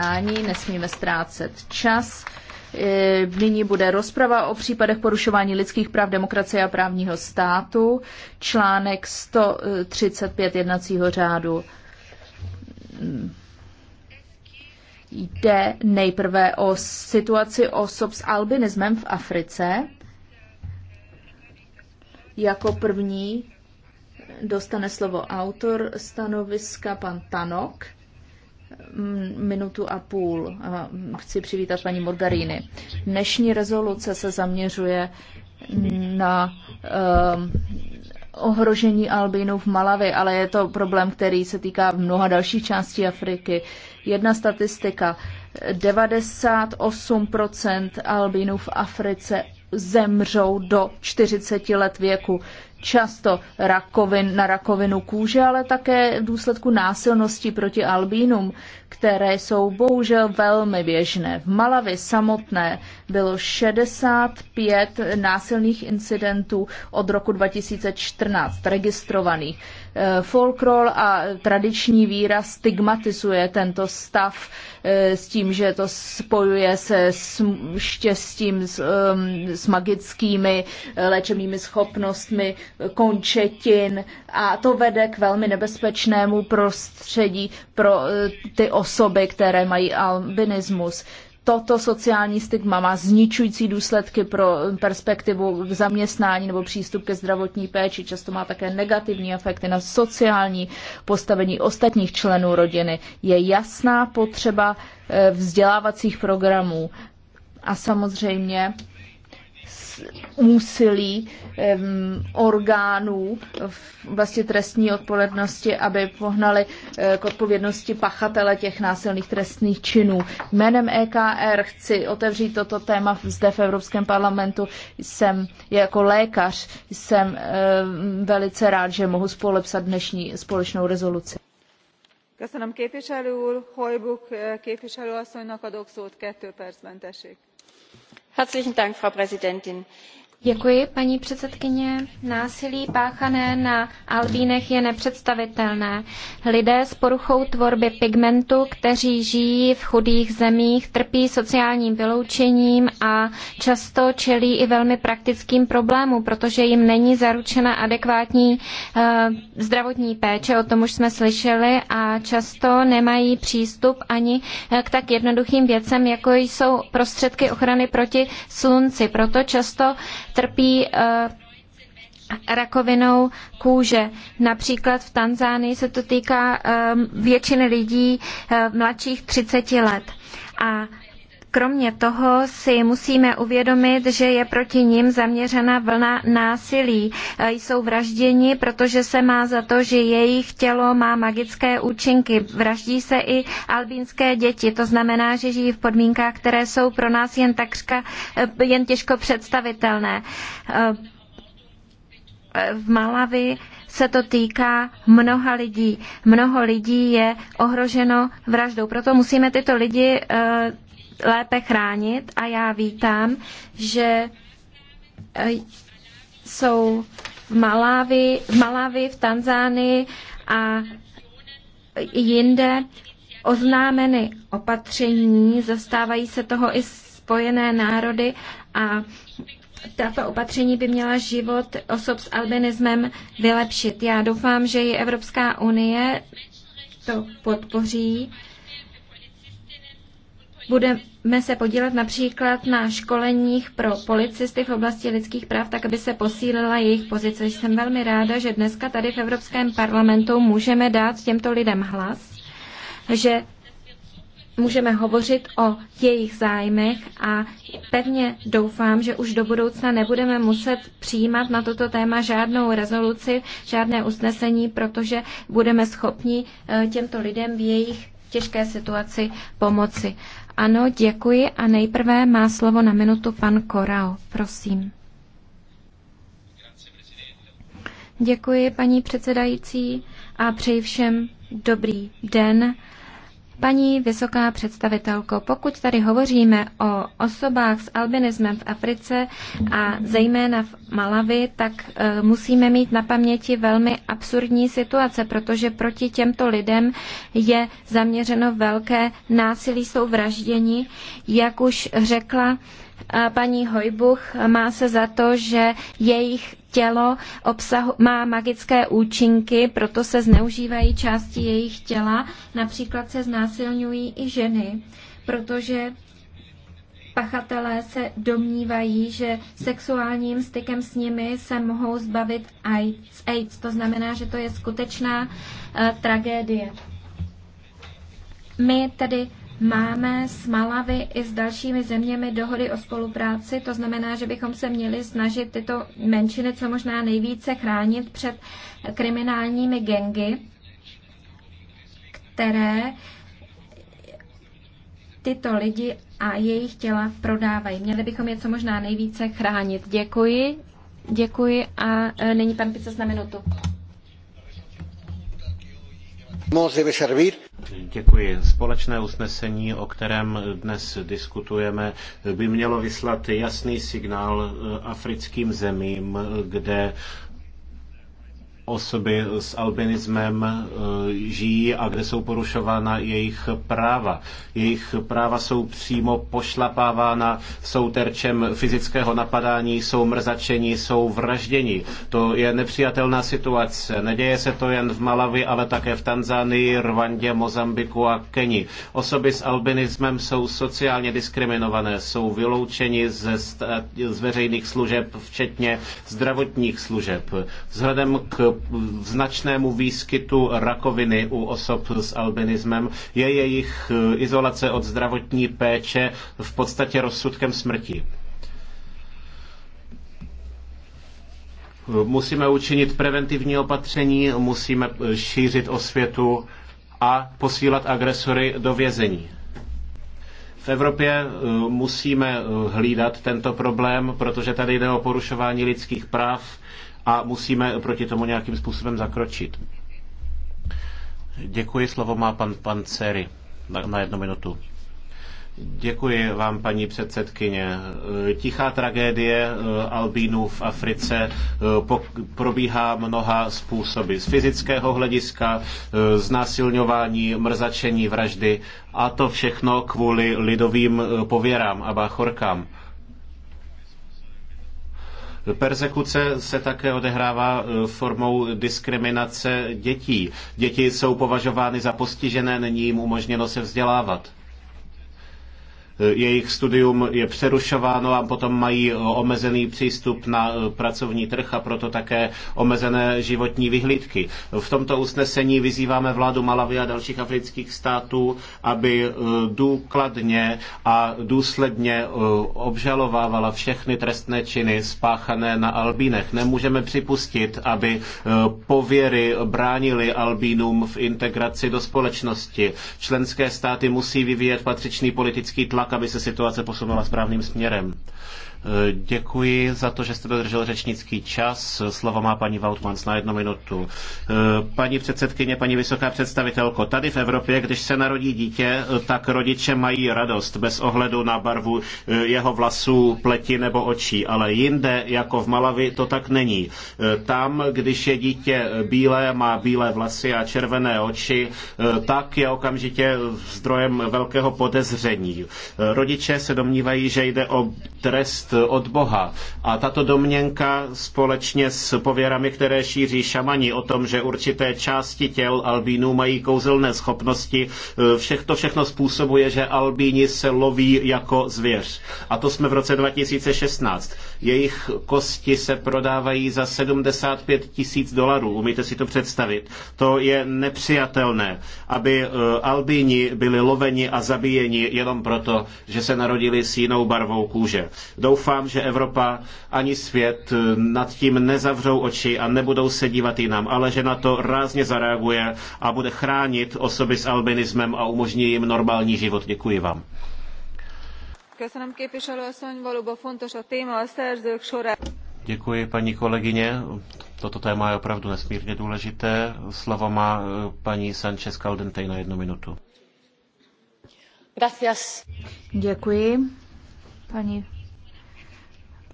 jednání, nesmíme ztrácet čas. E, nyní bude rozprava o případech porušování lidských práv, demokracie a právního státu, článek 135 jednacího řádu. Jde nejprve o situaci osob s albinismem v Africe. Jako první dostane slovo autor stanoviska pan Tanok. Mm, minutu a půl. Mm, chci přivítat paní Morgaríny. Dnešní rezoluce se zaměřuje na ehm, ohrožení albínů v Malavi, ale je to problém, který se týká mnoha dalších částí Afriky. Jedna statistika. 98% albínů v Africe zemřou do 40 let věku často rakovin, na rakovinu kůže, ale také v důsledku násilnosti proti albínům, které jsou bohužel velmi běžné. V Malavi samotné bylo 65 násilných incidentů od roku 2014 registrovaných. Eh, Folkrol a tradiční víra stigmatizuje tento stav eh, s tím, že to spojuje se s štěstím, s, s magickými eh, léčebnými schopnostmi, končetin a to vede k velmi nebezpečnému prostředí pro eh, ty osoby, které mají albinismus toto sociální stigma má zničující důsledky pro perspektivu v zaměstnání nebo přístup ke zdravotní péči. Často má také negativní efekty na sociální postavení ostatních členů rodiny. Je jasná potřeba eh, vzdělávacích programů a samozřejmě úsilí um, orgánů v oblasti trestní odpovědnosti, aby pohnali uh, k odpovědnosti pachatele těch násilných trestných činů. Jménem EKR chci otevřít toto téma zde v Evropském parlamentu. Jsem jako lékař, jsem uh, velice rád, že mohu spolepsat dnešní společnou rezoluci. Köszönöm képviselő úr, Hojbuk képviselő asszonynak adok szót kettő percben, tessék frau präsidentin! Děkuji, paní předsedkyně. Násilí páchané na albínech je nepředstavitelné. Lidé s poruchou tvorby pigmentu, kteří žijí v chudých zemích, trpí sociálním vyloučením a často čelí i velmi praktickým problémům, protože jim není zaručena adekvátní eh, zdravotní péče, o tom už jsme slyšeli, a často nemají přístup ani eh, k tak jednoduchým věcem, jako jsou prostředky ochrany proti slunci. Proto často trpí eh, rakovinou kůže. Například v Tanzánii se to týká eh, většiny lidí eh, mladších 30 let. A Kromě toho si musíme uvědomit, že je proti nim zaměřena vlna násilí. E, jsou vražděni, protože se má za to, že jejich tělo má magické účinky. Vraždí se i albínské děti. To znamená, že žijí v podmínkách, které jsou pro nás jen takřka, e, jen těžko představitelné. E, v Malavi se to týká mnoha lidí. Mnoho lidí je ohroženo vraždou. Proto musíme tyto lidi lépe chránit a já vítám, že eh, jsou v Malávi, v, Malávi, v Tanzánii a jinde oznámeny opatření, zastávají se toho i spojené národy a tato opatření by měla život osob s albinismem vylepšit. Já doufám, že i Evropská unie to podpoří. Budeme se podílet například na školeních pro policisty v oblasti lidských práv, tak aby se posílila jejich pozice. Jsem velmi ráda, že dneska tady v Evropském parlamentu můžeme dát těmto lidem hlas, že můžeme hovořit o jejich zájmech a pevně doufám, že už do budoucna nebudeme muset přijímat na toto téma žádnou rezoluci, žádné usnesení, protože budeme schopni eh, těmto lidem v jejich těžké situaci pomoci. Ano, děkuji a nejprve má slovo na minutu pan Korao. Prosím. Děkuji, paní předsedající, a přeji všem dobrý den. Paní vysoká představitelko, pokud tady hovoříme o osobách s albinismem v Africe a zejména v Malavi, tak e, musíme mít na paměti velmi absurdní situace, protože proti těmto lidem je zaměřeno velké násilí, jsou vražděni. Jak už řekla e, paní Hojbuch, má se za to, že jejich tělo obsahu, má magické účinky, proto se zneužívají části jejich těla, například se znásilňují i ženy, protože pachatelé se domnívají, že sexuálním stykem s nimi se mohou zbavit AIDS. AIDS to znamená, že to je skutečná uh, tragédie. My tedy Máme s Malavy i s dalšími zeměmi dohody o spolupráci, to znamená, že bychom se měli snažit tyto menšiny co možná nejvíce chránit před kriminálními gengy, které tyto lidi a jejich těla prodávají. Měli bychom je co možná nejvíce chránit. Děkuji. Děkuji a e, nyní pan Picas na minutu. Děkuji. Společné usnesení, o kterém dnes diskutujeme, by mělo vyslat jasný signál eh, africkým zemím, kde osoby s albinismem eh, žijí a kde jsou porušována jejich práva. Jejich práva jsou přímo pošlapávána, jsou terčem fyzického napadání, jsou mrzačení, jsou vražděni. To je nepřijatelná situace. Neděje se to jen v Malavi, ale také v Tanzánii, Rwandě, Mozambiku a Keni. Osoby s albinismem jsou sociálně diskriminované, jsou vyloučeni ze z veřejných služeb, včetně zdravotních služeb. Vzhledem k značnému výskytu rakoviny u osob s albinismem je jejich eh, izolace od zdravotní péče v podstatě rozsudkem smrti. Musíme učinit preventivní opatření, musíme eh, šířit osvětu a posílat agresory do vězení. V Evropě eh, musíme hlídat tento problém, protože tady jde o porušování lidských práv a musíme proti tomu nějakým způsobem zakročit. Děkuji, slovo má pan Cery na, na jednu minutu. Děkuji vám, paní předsedkyně. Tichá tragédie eh, Albínů v Africe eh, probíhá mnoha způsoby. Z fyzického hlediska, eh, znásilňování, mrzačení, vraždy a to všechno kvůli lidovým pověrám a báchorkám. Persekuce se také odehrává e, formou diskriminace dětí. Děti jsou považovány za postižené, není jim umožněno se vzdělávat. Eh, jejich studium je přerušováno a potom mají eh, omezený přístup na eh, pracovní trh a proto také omezené životní vyhlídky. V tomto usnesení vyzýváme vládu Malavy a dalších afrických států, aby důkladně a důsledně obžalovávala všechny trestné činy spáchané na Albínech. Nemůžeme připustit, aby pověry bránili Albínům v integraci do společnosti. Členské státy musí vyvíjet patřičný politický tlak tlak, aby se situace posunula správným směrem. Děkuji za to, že jste dodržel řečnický čas. Slovo má paní Vautmans na jednu minutu. Paní předsedkyně, paní vysoká představitelko, tady v Evropě, když se narodí dítě, tak rodiče mají radost bez ohledu na barvu jeho vlasů, pleti nebo očí. Ale jinde, jako v Malavi, to tak není. Tam, když je dítě bílé, má bílé vlasy a červené oči, tak je okamžitě zdrojem velkého podezření. Rodiče se domnívají, že jde o trest od Boha. A tato domněnka společně s pověrami, které šíří šamani o tom, že určité části těl albínů mají kouzelné schopnosti, eh, všech, to všechno způsobuje, že albíni se loví jako zvěř. A to jsme v roce 2016. Jejich kosti se prodávají za 75 tisíc dolarů. Umíte si to představit? To je nepřijatelné, aby eh, albíni byli loveni a zabíjeni jenom proto, že se narodili s jinou barvou kůže. Doufám, doufám, že Evropa ani svět eh, nad tím nezavřou oči a nebudou se dívat jinam, ale že na to rázně zareaguje a bude chránit osoby s albinismem a umožní jim normální život. Děkuji vám. Děkuji, paní kolegyně. Toto téma je opravdu nesmírně důležité. Slovo má eh, paní Sanchez Caldente na jednu minutu. Gracias. Děkuji, paní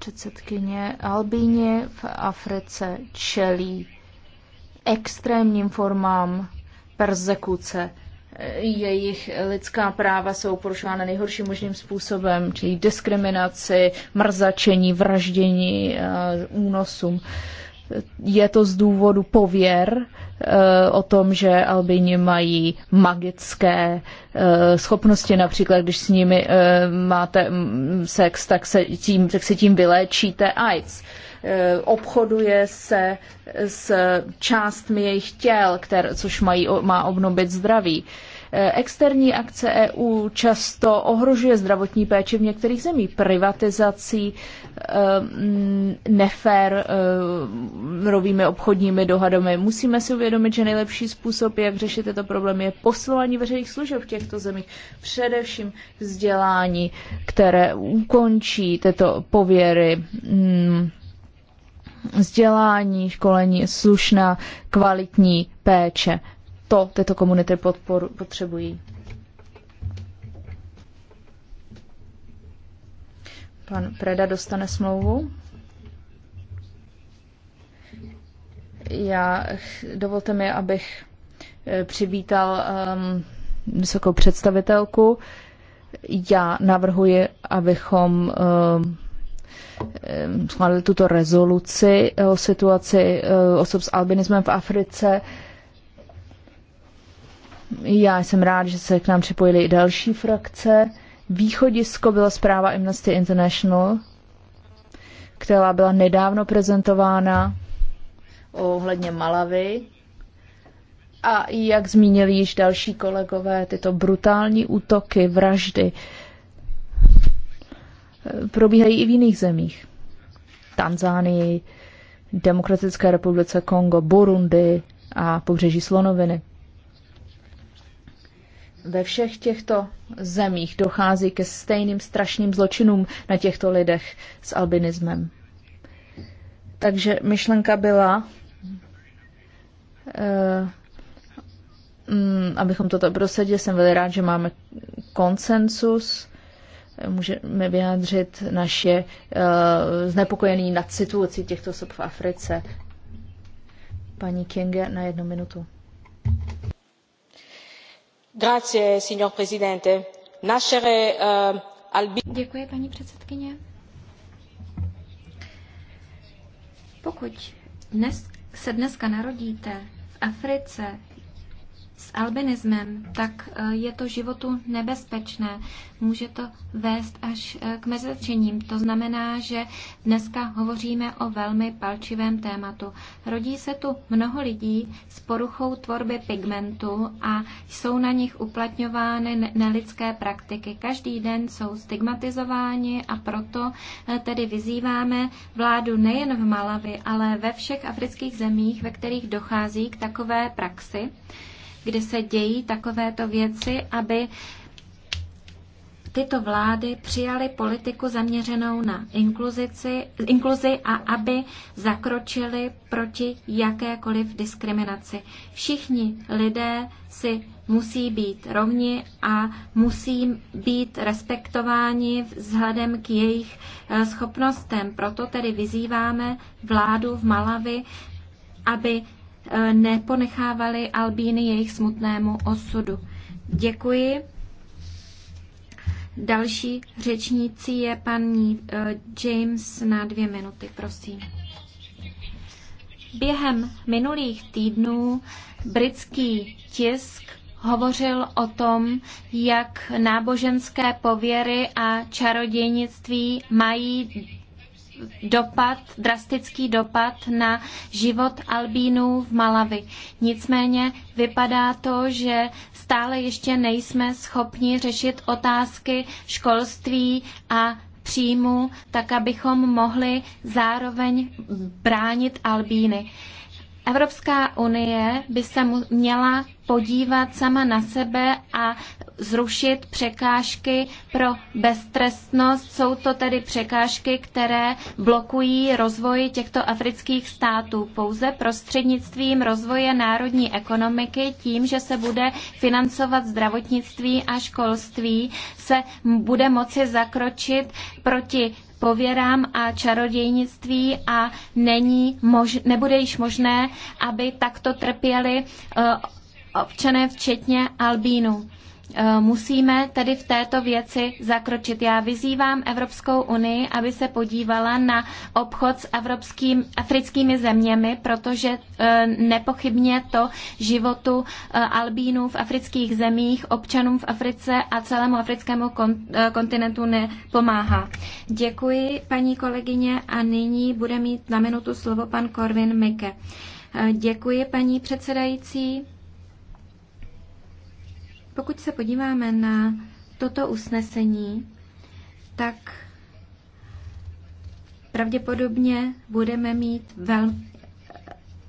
předsedkyně Albíně v Africe čelí extrémním formám persekuce. Jejich lidská práva jsou porušována nejhorším možným způsobem, čili diskriminaci, mrzačení, vraždění, eh, únosům. Je to z důvodu pověr eh, o tom, že albíni mají magické eh, schopnosti, například když s nimi eh, máte mm, sex, tak se tím, tak se tím vyléčíte AIDS obchoduje se s částmi jejich těl, které, což mají, má obnovit zdraví. Eh, externí akce EU často ohrožuje zdravotní péči v některých zemích privatizací, eh, mm, nefér eh, rovými obchodními dohadami. Musíme si uvědomit, že nejlepší způsob, jak řešit tyto problémy, je posilování veřejných služeb v těchto zemích, především vzdělání, které ukončí tyto pověry mm, vzdělání, školení, slušná, kvalitní péče to tyto komunity podporu, potřebují. Pan Preda dostane smlouvu. Já, dovolte mi, abych eh, přivítal um, vysokou představitelku. Já navrhuji, abychom um, schválili tuto rezoluci o situaci eh, osob s albinismem v Africe. Já jsem rád, že se k nám připojily i další frakce. Východisko byla zpráva Amnesty International, která byla nedávno prezentována ohledně Malavy. A jak zmínili již další kolegové, tyto brutální útoky, vraždy probíhají i v jiných zemích. Tanzánii, Demokratické republice Kongo, Burundi a pobřeží Slonoviny ve všech těchto zemích dochází ke stejným strašným zločinům na těchto lidech s albinismem. Takže myšlenka byla, eh, mm, abychom toto prosadili, jsem velmi rád, že máme konsensus, můžeme vyjádřit naše eh, znepokojení nad situací těchto osob v Africe. Paní Kinge na jednu minutu. Ehm, paní Pokud se dneska narodíte v Africe s albinismem, tak eh, je to životu nebezpečné. Může to vést až eh, k mezečením. To znamená, že dneska hovoříme o velmi palčivém tématu. Rodí se tu mnoho lidí s poruchou tvorby pigmentu a jsou na nich uplatňovány nelidské praktiky. Každý den jsou stigmatizováni a proto eh, tedy vyzýváme vládu nejen v Malavi, ale ve všech afrických zemích, ve kterých dochází k takové praxi kde se dějí takovéto věci, aby tyto vlády přijaly politiku zaměřenou na inkluzi a aby zakročili proti jakékoliv diskriminaci. Všichni lidé si musí být rovni a musí být respektováni vzhledem k jejich eh, schopnostem. Proto tedy vyzýváme vládu v Malavi, aby neponechávali Albíny jejich smutnému osudu. Děkuji. Další řečnící je paní eh, James na dvě minuty, prosím. Během minulých týdnů britský tisk hovořil o tom, jak náboženské pověry a čarodějnictví mají dopad, drastický dopad na život albínů v Malavi. Nicméně vypadá to, že stále ještě nejsme schopni řešit otázky školství a příjmu, tak abychom mohli zároveň bránit albíny. Evropská unie by se měla podívat sama na sebe a zrušit překážky pro beztrestnost. Jsou to tedy překážky, které blokují rozvoj těchto afrických států pouze prostřednictvím rozvoje národní ekonomiky, tím, že se bude financovat zdravotnictví a školství, se bude moci zakročit proti pověrám a čarodějnictví a není mož, nebude již možné, aby takto trpěli uh, občané včetně albínu. Eh, musíme tedy v této věci zakročit. Já vyzývám Evropskou unii, aby se podívala na obchod s evropským, africkými zeměmi, protože eh, nepochybně to životu eh, albínů v afrických zemích, občanům v Africe a celému africkému kontinentu nepomáhá. Děkuji, paní kolegyně, a nyní bude mít na minutu slovo pan Korvin Mike. Děkuji, paní předsedající. Pokud se podíváme na toto usnesení, tak pravděpodobně budeme mít vel,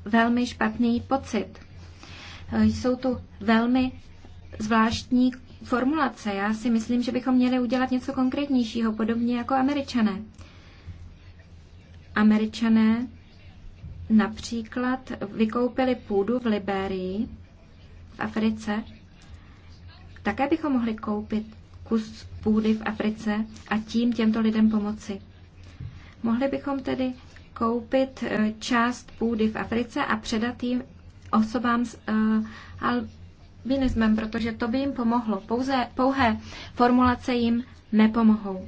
velmi špatný pocit. Jsou tu velmi zvláštní formulace. Já si myslím, že bychom měli udělat něco konkrétnějšího, podobně jako američané. Američané například vykoupili půdu v Libérii, v Africe, také bychom mohli koupit kus půdy v Africe a tím těmto lidem pomoci. Mohli bychom tedy koupit e, část půdy v Africe a předat jim osobám s uh, albinismem, protože to by jim pomohlo. Pouze, pouhé formulace jim nepomohou.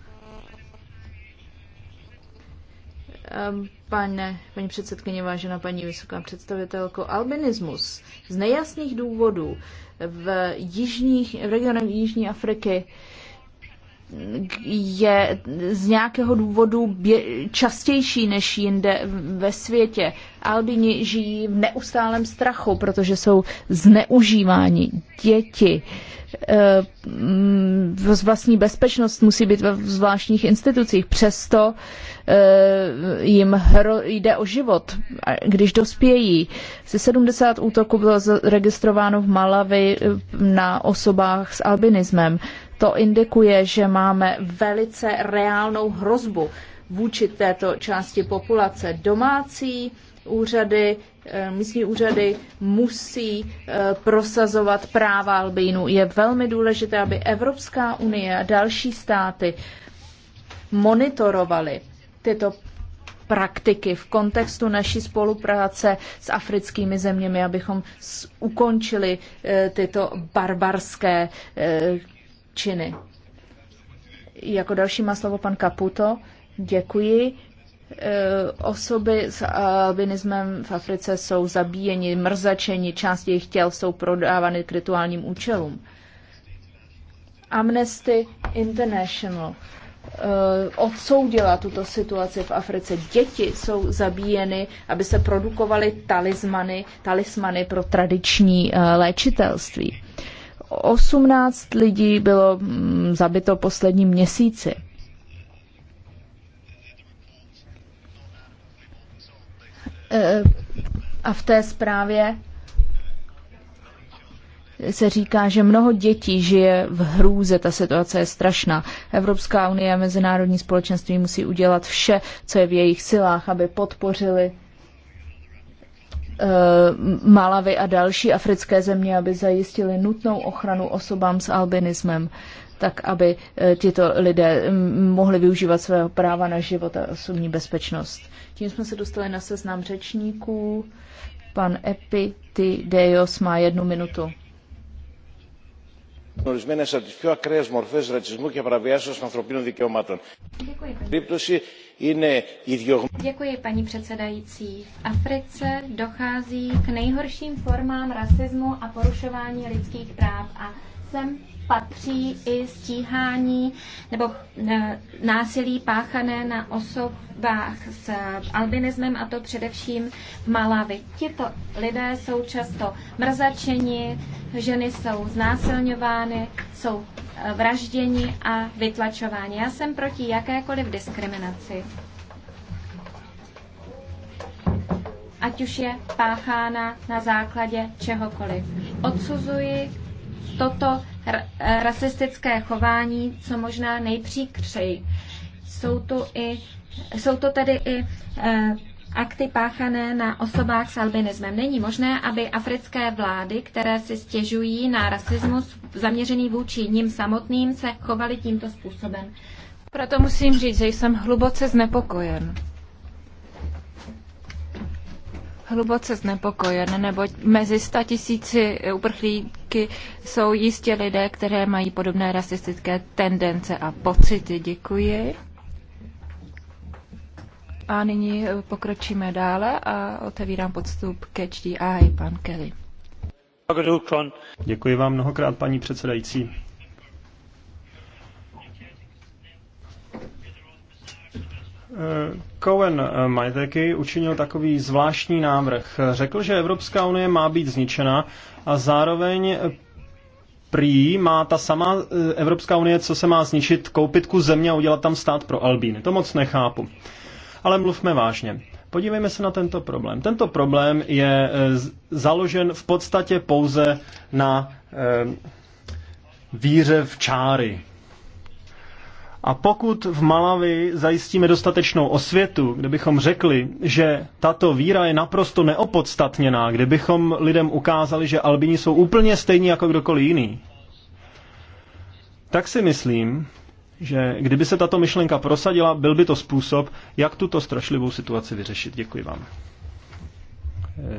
Ehm, pane, paní předsedkyně, vážená paní vysoká představitelko, albinismus z nejasných důvodů v, jižních, v regionech Jižní Afriky je z nějakého důvodu bě- častější než jinde ve světě. Albini žijí v neustálém strachu, protože jsou zneužíváni děti. E, vlastní bezpečnost musí být ve zvláštních institucích. Přesto e, jim hro- jde o život, když dospějí. Ze 70 útoků bylo registrováno v Malavi eh, na osobách s albinismem. To indikuje, že máme velice reálnou hrozbu vůči této části populace. Domácí úřady, eh, místní úřady musí eh, prosazovat práva Albínů. Je velmi důležité, aby Evropská unie a další státy monitorovaly tyto praktiky v kontextu naší spolupráce s africkými zeměmi, abychom ukončili eh, tyto barbarské činy. Jako další má slovo pan Kaputo. Děkuji. E, osoby s albinismem v Africe jsou zabíjeni, mrzačeni, část jejich těl jsou prodávány k rituálním účelům. Amnesty International e, odsoudila tuto situaci v Africe. Děti jsou zabíjeny, aby se produkovaly talismany, talismany pro tradiční e, léčitelství. 18 lidí bylo mm, zabito posledním měsíci. E, a v té zprávě se říká, že mnoho dětí žije v hrůze, ta situace je strašná. Evropská unie a mezinárodní společenství musí udělat vše, co je v jejich silách, aby podpořili Eh, Malavy a další africké země, aby zajistili nutnou ochranu osobám s albinismem, tak aby eh, tito lidé mm, mohli využívat svého práva na život a osobní bezpečnost. Tím jsme se dostali na seznam řečníků. Pan Epitideos má jednu minutu ορισμένε από τι πιο ακραίε μορφέ ρατσισμού και παραβιάσεω των ανθρωπίνων δικαιωμάτων. Děkuji, paní předsedající. V Africe dochází k nejhorším formám rasismu a porušování lidských práv a sem patří i stíhání nebo e, násilí páchané na osobách s albinismem, a to především v Malavi. Tito lidé jsou často mrzačeni, ženy jsou znásilňovány, jsou e, vražděni a vytlačováni. Já jsem proti jakékoliv diskriminaci. ať už je páchána na základě čehokoliv. Odsuzuji toto eh, rasistické chování co možná nejpříkřeji. Jsou, tu i, jsou to tedy i eh, akty páchané na osobách s albinismem. Není možné, aby africké vlády, které si stěžují na rasismus zaměřený vůči ním samotným, se chovaly tímto způsobem. Proto musím říct, že jsem hluboce znepokojen hluboce znepokojen, neboť mezi sta tisíci uprchlíky jsou jistě lidé, které mají podobné rasistické tendence a pocity. Děkuji. A nyní pokročíme dále a otevírám podstup ke HDI, pan Kelly. Děkuji vám mnohokrát, paní předsedající Cohen eh, Majteky učinil takový zvláštní návrh. Řekl, že Evropská unie má být zničena a zároveň prý má ta sama eh, Evropská unie, co se má zničit, koupit ku země a udělat tam stát pro Albíny. To moc nechápu. Ale mluvme vážně. Podívejme se na tento problém. Tento problém je eh, založen v podstatě pouze na víře v čáry. A pokud v Malavi zajistíme dostatečnou osvětu, kde bychom řekli, že tato víra je naprosto neopodstatněná, kde bychom lidem ukázali, že albíni jsou úplně stejní jako kdokoliv jiný, tak si myslím, že kdyby se tato myšlenka prosadila, byl by to způsob, jak tuto strašlivou situaci vyřešit. Děkuji vám.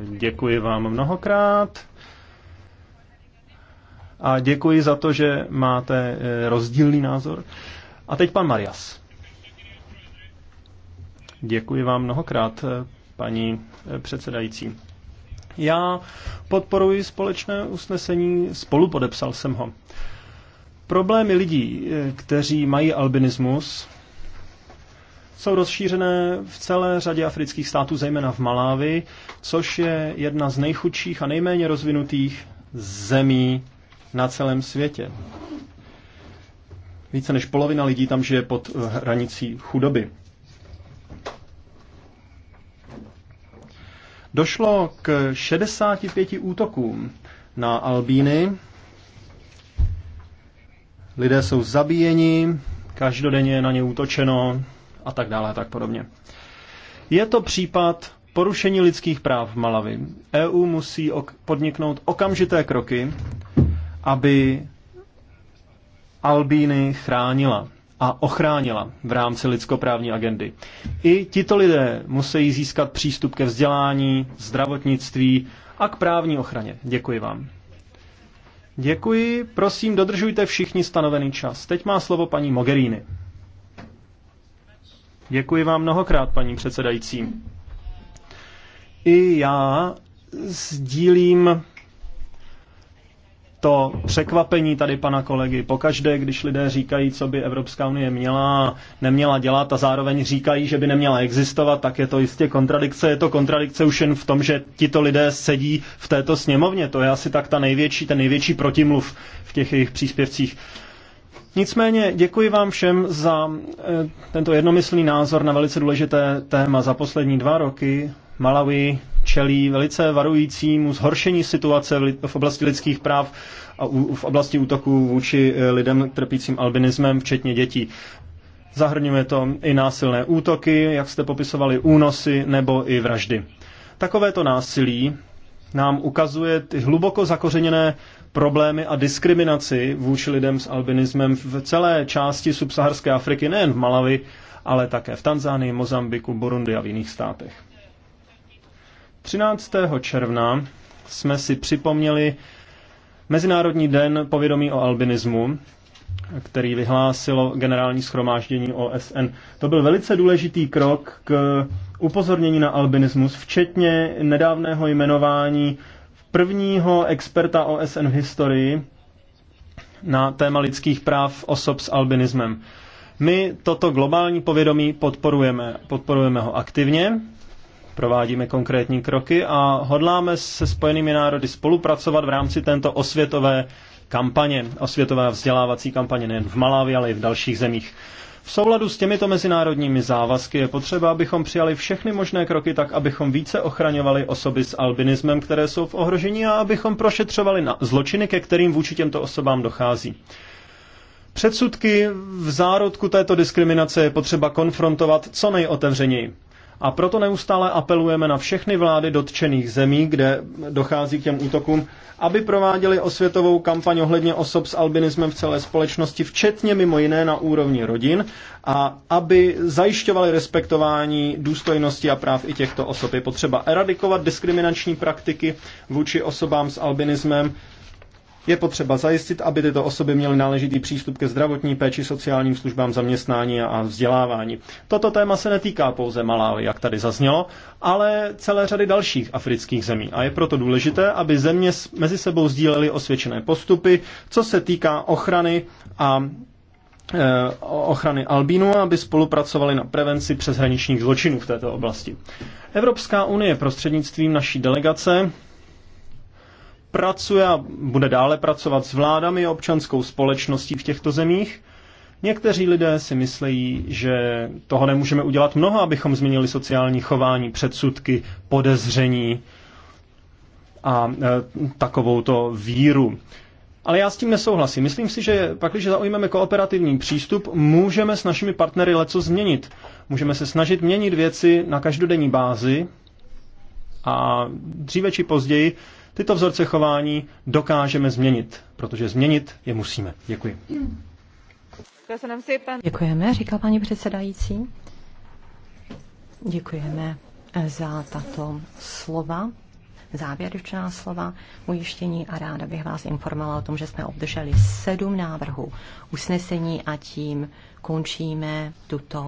Děkuji vám mnohokrát. A děkuji za to, že máte eh, rozdílný názor. A teď pan Marias. Děkuji vám mnohokrát, eh, paní eh, předsedající. Já podporuji společné usnesení, spolu podepsal jsem ho. Problémy lidí, eh, kteří mají albinismus, jsou rozšířené v celé řadě afrických států, zejména v Malávi, což je jedna z nejchudších a nejméně rozvinutých zemí na celém světě. Více než polovina lidí tam žije pod eh, hranicí chudoby. Došlo k 65 útokům na Albíny. Lidé jsou zabíjeni, každodenně je na ně útočeno a tak dále a tak podobně. Je to případ porušení lidských práv v Malavi. EU musí podniknout okamžité kroky, aby Albíny chránila a ochránila v rámci lidskoprávní agendy. I tito lidé musí získat přístup ke vzdělání, zdravotnictví a k právní ochraně. Děkuji vám. Děkuji, prosím, dodržujte všichni stanovený čas. Teď má slovo paní Mogherini. Děkuji vám mnohokrát, paní předsedající. I já sdílím to překvapení tady pana kolegy. Pokaždé, když lidé říkají, co by Evropská unie měla, neměla dělat a zároveň říkají, že by neměla existovat, tak je to jistě kontradikce. Je to kontradikce už jen v tom, že tito lidé sedí v této sněmovně. To je asi tak ta největší, ten největší protimluv v těch jejich příspěvcích. Nicméně děkuji vám všem za eh, tento jednomyslný názor na velice důležité téma. Za poslední dva roky Malawi čelí velice varujícímu zhoršení situace v oblasti lidských práv a v oblasti útoků vůči eh, lidem trpícím albinismem, včetně dětí. Zahrňuje to i násilné útoky, jak jste popisovali, únosy nebo i vraždy. Takovéto násilí nám ukazuje ty hluboko zakořeněné problémy a diskriminaci vůči lidem s albinismem v celé části subsaharské Afriky, nejen v Malavi, ale také v Tanzánii, Mozambiku, Burundi a v jiných státech. 13. června jsme si připomněli Mezinárodní den povědomí o albinismu, který vyhlásilo generální schromáždění OSN. To byl velice důležitý krok k upozornění na albinismus, včetně nedávného jmenování prvního experta OSN v historii na téma lidských práv osob s albinismem. My toto globální povědomí podporujeme. Podporujeme ho aktivně Provádíme konkrétní kroky a hodláme se Spojenými národy spolupracovat v rámci této osvětové kampaně, osvětové vzdělávací kampaně nejen v Malávi, ale i v dalších zemích. V souladu s těmito mezinárodními závazky je potřeba, abychom přijali všechny možné kroky tak, abychom více ochraňovali osoby s albinismem, které jsou v ohrožení a abychom prošetřovali na zločiny, ke kterým vůči těmto osobám dochází. Předsudky v zárodku této diskriminace je potřeba konfrontovat co nejotevřeněji. A proto neustále apelujeme na všechny vlády dotčených zemí, kde dochází k těm útokům, aby prováděli osvětovou kampaň ohledně osob s albinismem v celé společnosti, včetně mimo jiné na úrovni rodin, a aby zajišťovali respektování důstojnosti a práv i těchto osob. Je potřeba eradikovat diskriminační praktiky vůči osobám s albinismem, je potřeba zajistit, aby tyto osoby měly náležitý přístup ke zdravotní péči, sociálním službám, zaměstnání a vzdělávání. Toto téma se netýká pouze Malávy, jak tady zaznělo, ale celé řady dalších afrických zemí. A je proto důležité, aby země mezi sebou sdílely osvědčené postupy, co se týká ochrany a eh, ochrany albínů, aby spolupracovali na prevenci přeshraničních zločinů v této oblasti. Evropská unie prostřednictvím naší delegace pracuje a bude dále pracovat s vládami a občanskou společností v těchto zemích. Někteří lidé si myslejí, že toho nemůžeme udělat mnoho, abychom změnili sociální chování, předsudky, podezření a e, takovouto víru. Ale já s tím nesouhlasím. Myslím si, že pak, když zaujmeme kooperativní přístup, můžeme s našimi partnery leco změnit. Můžeme se snažit měnit věci na každodenní bázi a dříve či později tyto vzorce chování dokážeme změnit, protože změnit je musíme. Děkuji. Děkujeme, říká paní předsedající. Děkujeme za tato slova, závěrečná slova ujištění a ráda bych vás informovala o tom, že jsme obdrželi sedm návrhů usnesení a tím končíme tuto